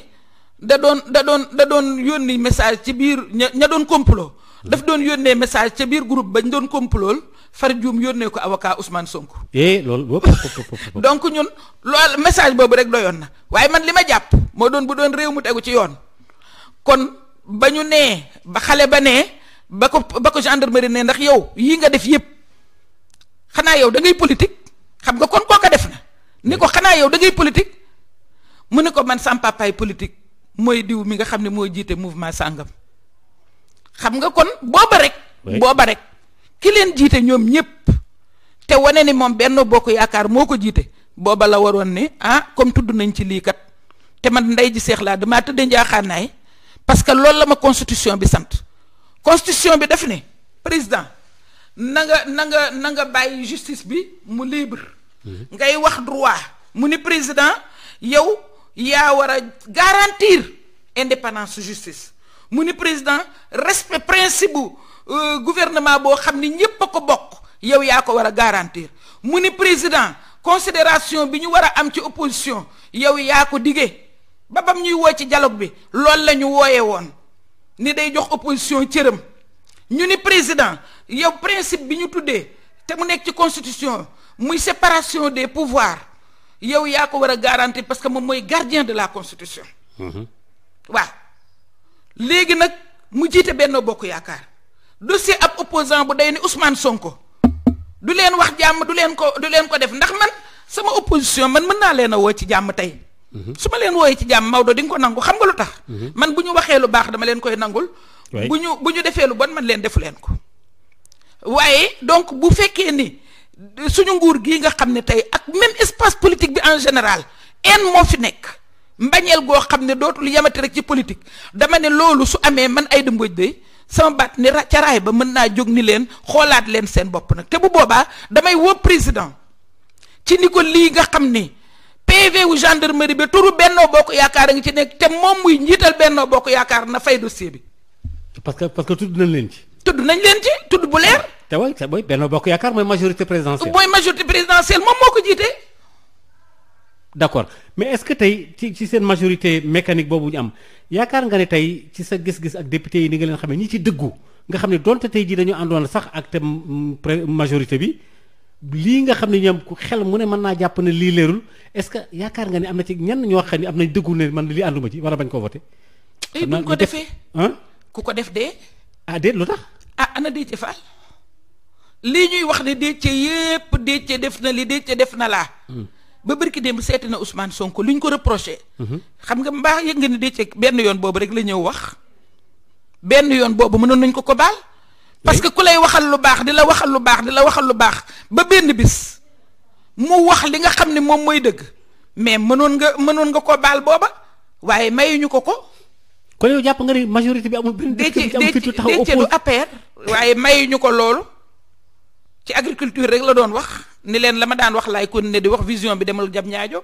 da doon da doon da doon yónni message ci biir ña ña doon complot. daf doon yónnee message ca biir groupe bañ doon complool far juum yónnee ko avocat Ousmane Sonko. eh loolu donc ñun lool message boobu rek doyoon na waaye man li ma jàpp moo doon bu doon réew mu tegu ci yoon kon ba ñu nee ba xale ba nee. ba ko ba ko gendarmerie ne ndax yow yii nga def yëpp xanaa yow da ngay politique xam nga kon kooka def na ni ko xanaa yow da ngay politique mu ne ko man sam papaay politique mooy diw mi nga xam ne mooy jiite mouvement sàngam xam nga kon booba rek booba rek ki leen jiite ñoom ñëpp te wane ni moom benn bokk yaakaar moo ko jiite booba la waroon ni ah comme tudd nañ ci lii kat te man ndey ji seex laa damaa tëddee njaaxaanaay parce que loolu la ma constitution bi sant constitution bi def ne président nanga nanga nanga bàyyi justice bi mu libre mhm. ngay wax droit mu ni président yow yaa war a garantir indépendance justice mu ni président respect principe bu euh, gouvernement boo xam ni ñépp a ko bokk yow yaa ko war a garantir mu ni président considération bi ñu war a am ci opposition yow yaa ko diggee ba bam ñuy woo ci dialogue bi loolu la ñu wooyee woon ni day jox opposition cëram ñu ni président yow principe bi ñu tuddee te mu nekk ci constitution muy séparation de pouvoir yow yaa ko war a garantir parce que moom mooy gardien de la constitution. Mhm. waaw léegi nag mu jiite Benno Bokk Yaakaar dossier ab opposant bu day ni Ousmane Sonko du leen wax jàmm du leen ko du leen ko def ndax man sama opposition man mën naa leen a woo ci jàmm tey. su ma leen wooyee ci jàmm Maodo di nga ko nangu xam nga lu tax. Mhm. man bu ñu waxee lu baax dama leen koy nangul. bu ñu bu ñu defee lu bon man leen defu leen ko. waaye donc bu fekkee ni suñu nguur gii nga xam ne tey ak même espace politique bi en général en moo fi nekk mbañeel goo xam ne dootul yamati rek ci politique dama ne loolu su amee man ay dëmbëj de sama baat ni ca raay ba mën naa jóg ni leen xoolaat leen seen bopp nag te bu boobaa damay woo président ci ni ko lii nga xam ni. PV wu gendarmerie bi turu Benno Bokk Yaakaar a ngi ci nekk te moom muy njiital Benno Bokk Yaakaar na fay dossier bi. parce que parce que tudd nañ leen ci. tudd nañ leen ci tudd bu leer. te waay te booy Benno Bokk Yaakaar mooy majorité présidentielle. mooy majorité présidentielle moom moo ko jiite. d' accord mais est ce que tey ci ci seen majorité mécanique boobu ñu am yaakaar nga ne tey ci sa gis-gis ak député yi ni nga leen xamee ñi ci dëggu nga xam ne donte tey jii dañoo àndoon sax ak te majorité bi. lii nga xam ne ñoom ku xel mu ne mën naa jàpp ne lii leerul est-ce que yaakaar nga ne am na ci ñenn ñoo xam ne am nañ dëggul ne man lii ànduma ci wala bañ ko voté. tey eh, bu ñu ko defee ku ko def dee. ah déet lu tax. ah ana Déthié Fall lii ñuy wax ne Déthié yépp Déthié def na li Déthié def na laa. Hmm. ba barki démb seeti na Ousmane Sonko li ñu ko reproché. Hmm. xam nga mbaa yëg nga ne Déthié benn yoon boobu rek la ñëw wax. benn yoon boobu mënoon nañ ko ko baal. parce que ku lay waxal lu baax di la waxal lu baax di la waxal lu baax ba benn bis mu wax li nga xam ne moom mooy dëgg mais mënoon nga mënoon nga ko baal booba waaye mayuñu ko ko. kon yow jàpp nga ni majorité bi amul benn. dëkk am fitu taxaw waaye mayuñu ko loolu ci agriculture rek la doon wax ni leen la ma daan wax laay kon ne di wax vision bi demal jam ñaajo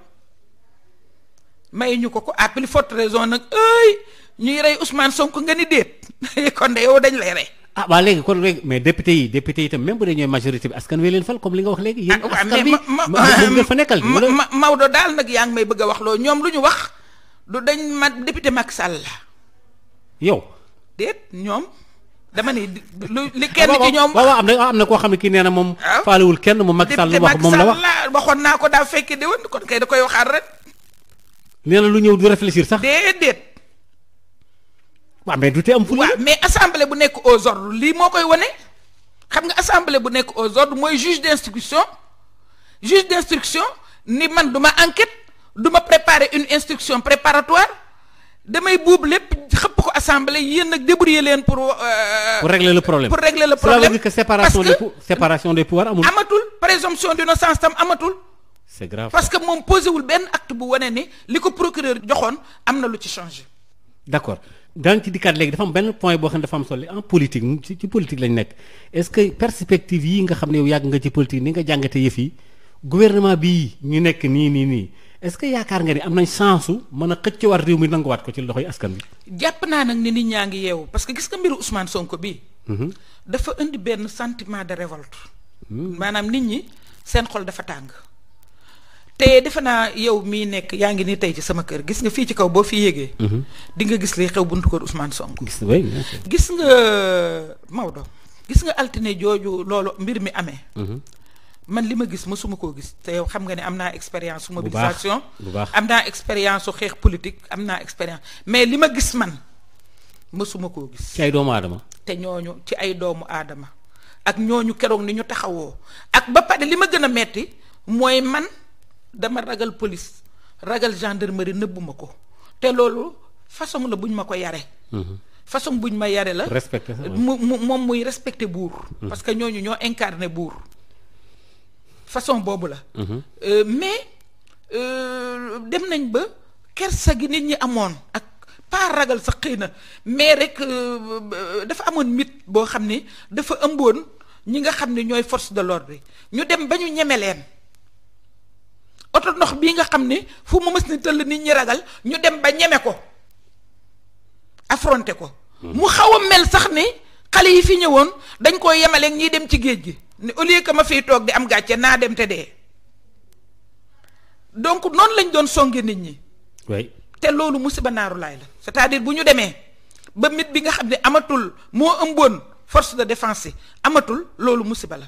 mayuñu ko ko à plus raison nag ay ñuy rey Ousmane Sonko nga ni déet kon de yow dañ lay rey. ah waa léegi kon léegi mais député yi député yi itam même bu dee ñooy majorité bi askan wi leen fal comme li nga wax léegi. yéen ah, askan bi ma fa nekkal. ma Maodo daal nag yaa ngi may bëgg a wax loo ñoom lu ñu wax du dañ ma député Macky Sall la. yow. déet ñoom. dama ni lu li kenn ci ñoom. waaw waaw am na am na koo xam ne kii nee na moom. waaw ah. faalewul kenn mu Macky Sall wax moom la wax waxoon naa ko daa fekkee déwén kon kay da koy waxaat ren. nee na lu ñëw du réfléchir sax. déedéet. waaw mais du tee am. waaw mais assemblée bu nekk aux ordres lii moo koy wane xam nga assemblée bu nekk aux ordres mooy juge d'instruction juge d'instruction ni man duma enquête duma préparer une instruction préparatoire damay buub lépp xëpp ko assemblée yéen nag débrouiller leen pour. Euh, pour régler le problème pour régler le problème. cela veut dire que séparation des séparation amatul présomption d'innocence tam amatul. parce que moom posé wul benn acte bu wane ni li ko procureur joxoon am na lu ci changé. d'accord. daañu ci dikkaat léegi dafa am benn point boo xam dafa am solo en politique ci politique lañ nekk est-ce que perspective yi nga xam ne yow yàgg nga ci politique ni nga jàngate yëf yi gouvernement bii ñu nekk nii nii nii est-ce que yaakaar nga ni am nañ chance su mën a xëcc war réew mi nanguwaat ko ci loxoy askan bi ni ñaa ngi yeewu parce que gis nga mbiru Ousmane Sonko bii. Mm-hmm. dafa indi benn sentiment de révolte. Mm-hmm. maanaam nit ñi seen xol dafa tàng. te defe naa yow mii nekk yaa ngi nii tey ci sama kër gis nga fii ci kaw boo fi yéegee. Mhm. di nga gis li xew buntu kër Ousmane Sonko. gis nga gis nga Maodo. gis altine jooju loolu mbir mi amee. Mhm. man li ma gis mësuma koo gis te yow xam nga ne am naa expérience. mobilisation am naa expérience su xeex politique am naa expérience mais li ma gis man mësuma koo gis. ci ay doomu aadama. te ñooñu ci ay doomu aadama ak ñooñu keroog ni ñu taxawoo ak ba pare li ma gën a metti mooy man. dama ragal police ragal gendarmerie nëbbu ma ko te loolu façon la ñu ma ko yare mhm. façon buñ ma yare la respecté mu moom muy respecté buur mhm. parce que ñooñu ñoo incarné buur façon boobu la mhm. euh, mais euh, dem nañ ba kersa gi nit ñi amoon ak pas ragal sax xëy na mais rek euh, dafa amoon mit boo xam ni dafa ëmboon ñi nga xam ne ñooy force de bi ñu dem ba ñu ñeme leen oto ndox bii nga xam ne fu mu mës ni tëll nit ñi ragal ñu dem ba ñeme ko affronté ko hmm. mu xaw a mel sax ni xale yi fi ñëwoon dañ koo yemaleeg ñiy dem ci géej gi ne au lieu que ma fiy toog di am gàcce naa dem te dee donc noonu lañ doon songe nit ñi oui te loolu musiba naaru laay la cest à bu ñu demee ba mit bi nga xam ne amatul moo ëmboon force de défense yi amatul loolu musiba la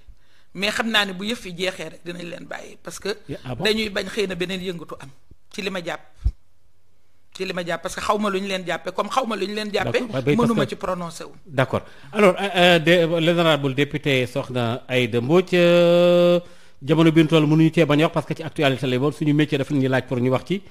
mais xam naa ne bu yëf yi jeexee rek dinañ leen bàyyi parce que. Ah dañuy bañ xëy na beneen yëngatu am ci li ma jàpp. ci li ma jàpp parce que xaw ma lu ñu leen jàppee comme xaw ma lu ñu leen jàppee. mënuma ci prononcé wu. d' accord alors euh, euh, l'honorable député Soxna Aïda Mbodj euh, jamono bi ñu toll mënuñu cee bañ wax parce que ci actualité lay boobu suñu métier dafa ñuy laaj pour ñu wax ci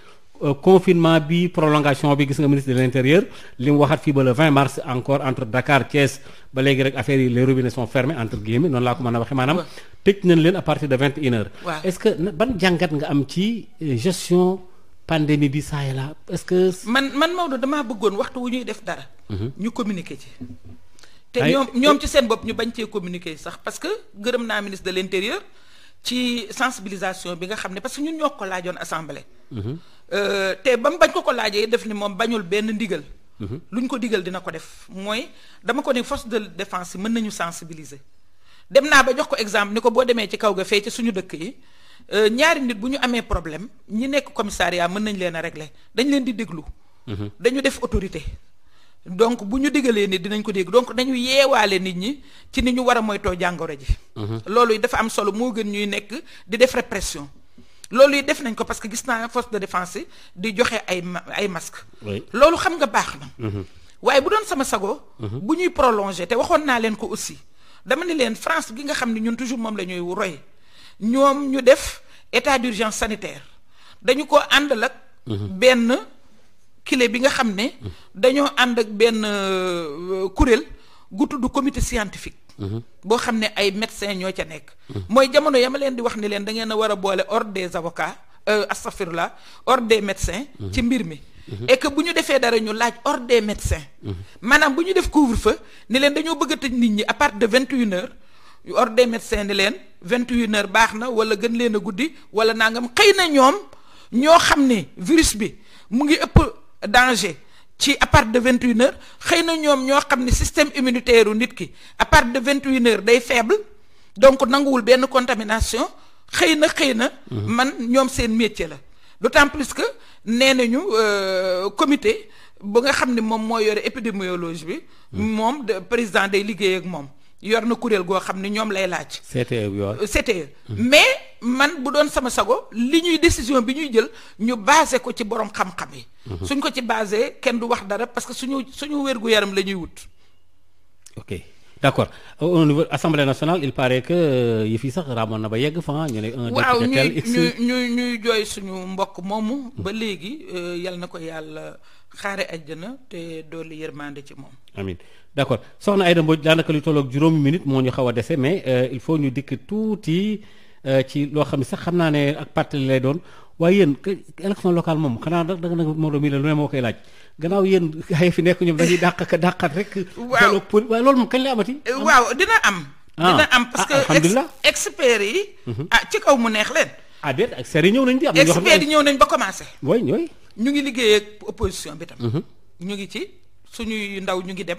euh, confinement bi gis nga ministre de l'intérieur li mu waxaat fii ba le 20 mars encore entre Dakar Thiès ba léegi rek affaire yi les robinets sont fermés entre guillemets noonu laa ko mën a waxee maanaam tëj nañ leen à partir de 21 heures. waaw est que ban jàngat nga am ci euh, gestion pandémie bi saa yi la est-ce que. man man Maodo damaa bëggoon waxtu wu ñuy def dara. Mhm. ñu communiquer ci. te ñoom ñoom ci seen bopp ñu bañ cee communiquer sax parce que gërëm naa ministre de l'intérieur. ci sensibilisation bi nga xam ne parce que ñun ñoo ko laajoon assemblée. Mhm. Euh, te ba mu bañ ko ko laajee def ni moom bañul benn ndigal. Mhm. lu ñu ko digal dina ko def mooy dama ko ne force de défence yi mën nañu sensibiliser. dem naa ba jox ko exemple ni ko boo demee ci kaw ga fee ci suñu dëkk yi euh, ñaari nit bu ñu amee problème ñi nekk commissariat mën nañ leen a régler dañ leen di déglu. Mhm. dañu def autorité. donc bu ñu digalee nit dinañ ko dégg donc dañu yeewaale nit ñi ci ni ñu war a moytoo jàngoro ji. Mhm. loolu yi dafa am solo moo gën ñuy nekk di def répression. loolu yi def nañ ko parce que gis naa force de défense yi di joxe ay ay masques. loolu xam nga baax na. Mhm. waaye bu doon sama sago. Mhm. bu ñuy prolongé te waxoon naa leen ko aussi dama ni leen France gi nga xam ne ñun toujours moom la ñuy roy ñoom ñu def état d'urgence sanitaire dañu ko àndal ak benn. kile bi nga xam ne. dañoo ànd ak benn euh, kuréel gu tudd comité scientifique. Mhm. boo xam ne ay médecins ñoo ca nekk. Mhm. mooy jamono ya ma leen di wax ni leen da ngeen a war a boole ordre des avocats euh, astafirlah ordre des médecins. Mhm. ci mbir mi. et bu ñu defee dara ñu laaj ordre des médecins. maanaam bu ñu def couvre-feu ni leen dañoo bëgg a tëj nit ñi à partir de vingt et une heures. ordre des ni leen vingt et une baax na wala gën leen a guddi wala nangam xëy na ñoom ñoo xam ne virus bi danger ci à partir de vingt une heures xëy na ñoom ñoo xam ne système immunitaire u nit ki à partir de vingt une heures day faible donc nanguwul benn contamination xëy na xëy na. Mhm. man ñoom seen métier la. d'autant plus que nee nañu euh, comité bu nga xam ne moom moo yore épidémiologie bi. Mhm. moom président day liggéey ak moom. yor na kuréel goo xam ne ñoom lay laaj. CTE CTE mm-hmm. mais man bu doon sama sago li ñuy décision bi ñuy jël ñu basé ko ci borom xam-xam yi. Mm-hmm. suñ ko ci basé kenn du wax dara parce que suñu suñu wérgu yaram la ñuy wut. ok d'accord au niveau assemblée nationale il paraît que euh, yi fii sax raamoon na ba yegg fa ñu ne. un waaw ñuy ñuy ñuy jooy suñu mbokk moomu. Mm-hmm. ba léegi euh, yal na ko yàlla xaare àjjana te dolli yërmande ci moom. amiin. d'accord soxna Aïda Mbodj daanaka lu tolloog juróomi nit moo ñu xaw a dese mais euh, il faut ñu dikk tuuti euh, ci loo xam ne sax xam naa ne ak pàttali lay doon waaye yéen élection locale moom xanaa da nga nag Maodo mii la lu ne moo koy laaj gannaaw yéen xëy fi nekk ñoom dañuy dàq ka dàqat rek. waaw waaye loolu moom kañ la amati. Euh, waaw dina am. Ah. dina am parce ah, que experts yi. Mhm. ah ci kaw mu neex leen. ah déet experts yi ñëw nañ di am. experts yi ñëw nañ ba commencé. oui oui. ñu ngi liggéey ak opposition bi tam. Mhm. ñu ngi ci suñuy ndaw ñu ngi dem.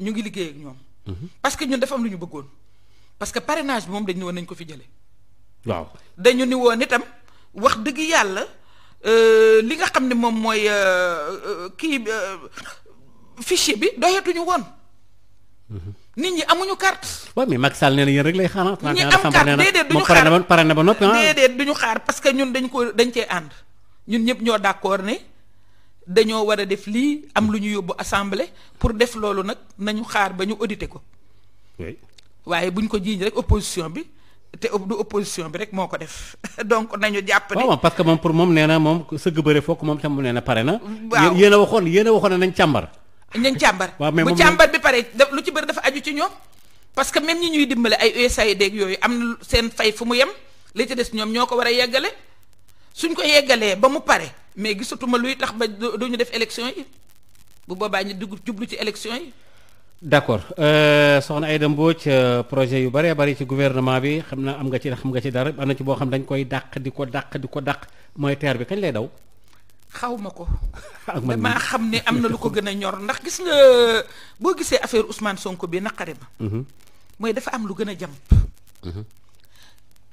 ñu ngi liggéey ak ñoom. Mhm. parce que ñun dafa lu ñu bëggoon. parce que parrainage bi moom dañu ne woon nañu ko fi jële waaw dañu ni woon itam wax dëgg yàlla euh, li nga xam ne moom mooy euh, euh, kii fichier bi doyatuñu woon. Mhm. nit ñi amuñu carte. waaw mais Macky Sall nee na yéen rek lay xaar ah. ñi am carte déedéet duñu xaar pare na ah. duñu xaar parce que ñun dañ ko dañ cee ànd ñun ñëpp ñoo d'accord ne. dañoo war a def lii am lu ñu yóbbu assemblée pour def loolu nag nañu xaar ba ñu audité ko waaye bu ñu ko jiiñ rek opposition bi te du opposition bi rek moo ko def donc nañu jàpp ne. parce que moom pour moom nee na moom sëgg bëre fokk moom tam nee na pare na. waaw yéen a waxoon yéen waxoon nañ càmbar. nañ càmbar. waaw mais bu càmbar bi pare lu ci bëri dafa aju ci ñoom. parce que même ñi ñuy dimbale ay USAID e yooyu am na seen fay fu mu yem li ci des ñoom ñoo ko war a yeggale. suñ ko yeggalee ba mu pare mais gisatuma luy tax ba duñu def élection yi bu boobaa ñu dugg jublu ci élection yi. d'accord euh, soxna boo Mbodj euh, projet yu baree bëri ci gouvernement bi xam na am nga ci xam nga ci dara am na ci boo xam dañ koy dàq di ko dàq di ko dàq mooy TER bi kañ lay daw. xaw ma ko. damaa xam ne am na lu ko gën a ñor ndax gis nga boo gisee affaire Ousmane Sonko bi naqari ma mhm. mooy dafa am lu gën a jàmp. Mhm.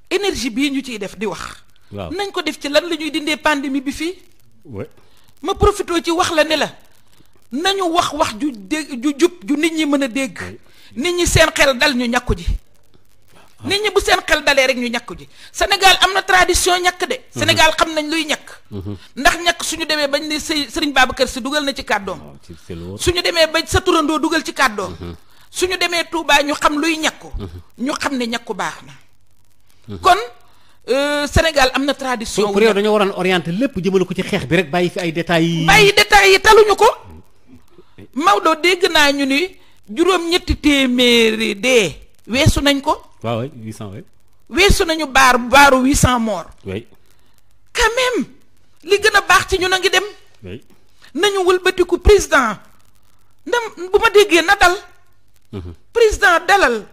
énergie bii ñu ciy def di wax. waaw nañ ko def ci lan la ñuy dindee pandémie bi fii. ma profité ci wax la ne la nañu wax wax ju dé ju jub ju nit ñi mën a dégg. nit ñi seen xel dal ñu ñàkku ji. Ah. nit ñi bu seen xel dalee rek ñu ñàkk ji Sénégal am na tradition ñakk de. Mhm. Sénégal xam nañ luy ñàkk. Mhm. ndax ñàkk suñu demee bañ ne sëy sëriñ Babacar si dugal na ci kàddoom. Ah, suñu demee bañ sa turandoo dugal ci kàddoom. Mhm. ñu demee Touba ñu xam luy ñàkku. ñu xam ne ñàkku baax na. Euh, Sénégal am na tradition. pour yow dañoo waroon orienté lépp jëmale ko ci xeex bi rek bàyyi fi ay détails yi. bàyyi détails yi taluñu ko Maodo dégg naa ñu ni juróom-ñetti téeméeri dee weesu nañ ko. waaw weesu nañu baar baaru 800 morts. waay quand même li gën a baax ci ñun a dem. waay nañu wëlbatiku président ndam bu ma déggee na dal. Mhm. président dalal.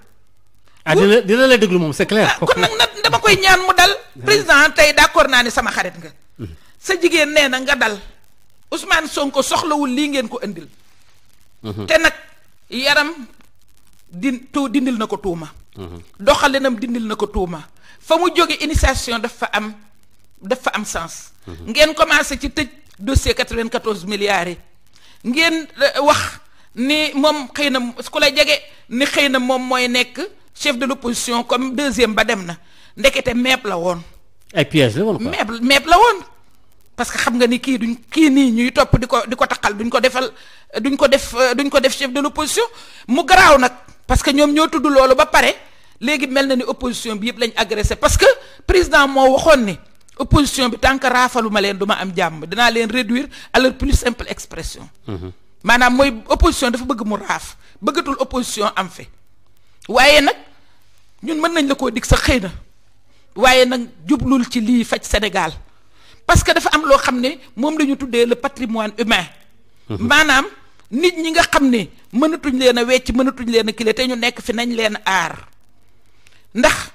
ah dina la déglu moom c'est clair. Ah, kon nag nag dama koy ñaan mu dal. président tey d'accord naa ne sama xarit nga. sa jigéen nee na nga dal Ousmane Sonko soxlawul lii ngeen ko indil. Mhm. te nag yaram din tu dindil na ko tuuma. Mhm. doxalinam dindil na ko tuuma fa mu jóge initiation dafa am dafa am sens. Mhm. ngeen commencé ci tëj dossier 94 milliards yi ngeen euh, wax ni moom xëy na ku la jege ni xëy na moom mooy nekk. chef de l'opposition comme deuxième ba dem na ndekete meeb la woon. ay pièges la woon meeb meeb la woon. parce que xam nga ni kii duñ kii nii ñuy topp di ko di ko taqal duñ ko defal duñ ko def euh, duñ ko def chef de l'opposition mu garaaw nag parce que ñoom ñoo tudd loolu ba pare léegi mel na ni opposition bi yëpp lañ agressé parce que président moo waxoon ni opposition bi tant que leen duma am jàmm dinaa leen réduire à leur plus simple expression. Mhm. maanaam mooy opposition dafa bëgg mu raaf bëggatul opposition am waaye nag ñun mën nañ la ko dig sax xëy na waaye nag jublul ci lii faj Sénégal parce que dafa am loo xam ne moom la tuddee le patrimoine humain mhm. maanaam nit ñi nga xam ne mënatuñ leen a wecc mënatuñ leen a kile te ñu nekk fi nañ leen aar ndax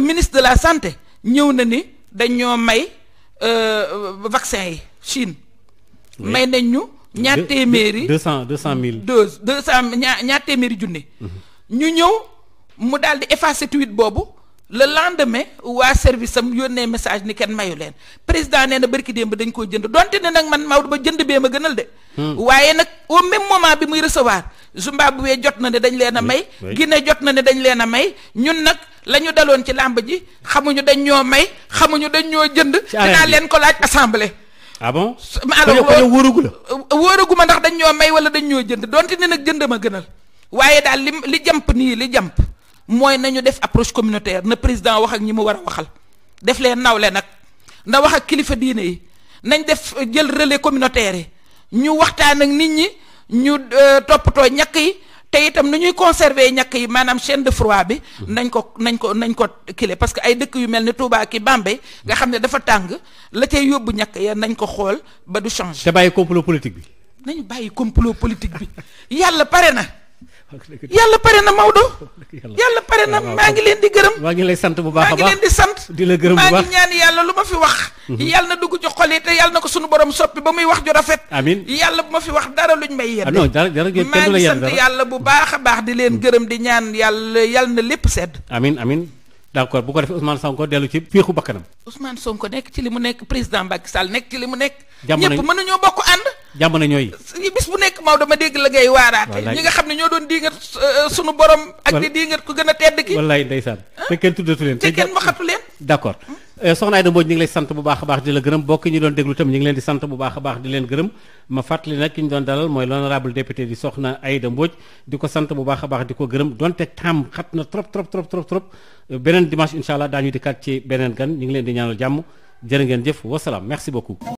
ministre de la santé ñëw na ni dañoo may euh, vaccin yi Chine may nañ ñu ñaar téeméeri deux cent deux cent mille dose deux cent ñaar ñaar téeméeri junne mhm. ñu ñëw mu daal di effacer tweet boobu le lendemain waa service am yónnee message ni kenn mayu leen président nee na barki démb dañ koo jënd donte nag man Maodo ba jënd bee ma gënal de. Hmm. waaye nag au même moment bi muy recevoir Zimbabwe jot na ne dañ leen a may. Guinée jot na ne dañ leen a may ñun nag la ñu daloon ci làmb ji xamuñu dañ ñoo may xamuñu dañ ñoo jënd. dinaa leen ko laaj assemblée. ah bon alors wóoragu la. wóoragu ma ndax dañ ñoo may wala dañ ñoo jënd donte ne nag jënd ma gënal. waaye daal li li jàmp nii li jàmp mooy nañu def approche communautaire na président wax ak ñi mu war a waxal def leen nawle nag na wax ak kilifa diine yi nañ def jël relais communautaire yi ñu waxtaan ak nit ñi ñu euh, toppatoo ñàkk yi te itam nu ñuy conserver ñàkk yi maanaam chaîne de froid bi nañ ko nañ ko nañ ko kile parce que ay dëkk yu mel ni Touba ki Bambey nga xam ne dafa tàng la cay yóbbu ñàkk ya nañ ko xool ba du changer. te bàyyi complot politique bi. politique bi yàlla pare na. yàlla pare na Maodo yàlla pare na maa ngi leen di gërëm maa ngi lay sant bu baax a baax leen di sant di la gërëm bu baax maa ngi ñaan yàlla lu ma fi wax mhm. yàlla na dugg ci xol te yàlla na ko suñu borom soppi ba muy wax ju rafet amiin yàlla bu ma fi wax dara luñ may yedd ah, maa ngi sant yàlla bu baax a baax di leen mhm. gërëm di ñaan yàlla yàlla na lépp sedd amiin amiin d'accord bu ko defee Ousmane Sonko dellu ci féexu bakkanam Ousmane Sonko nekk ci li mu nekk président Macky Sall nekk ci li mu nekk ñëpp mënuñoo bokk ànd jamono ñooy bis bu nekk Maodo dama dégg la ngay waaraate ñi nga xam ne ñoo doon diingat euh, sunu borom ak di diingat ku gën a tedd ki wallaay ndeysaan te kenn tuddatu leen te kenn waxatu leen d'accord euh, soxna Aïda Mbodj ñu ngi lay sant bu baax a baax di la gërëm bokk ñu doon déglu tam ñu ngi leen di sant bu baax a baax di leen gërëm ma fàttali nag ki ñu doon dalal mooy l'honorable député di soxna Aïda Mbodj di ko sant bu baax a baax di ko gërëm donte tam xat na trop trop trop trop trop beneen dimanche incha allah di kat ci beneen gan ñu ngi leen di ñaanal jàmm jërë ngeen jëf wasalaam merci beaucoup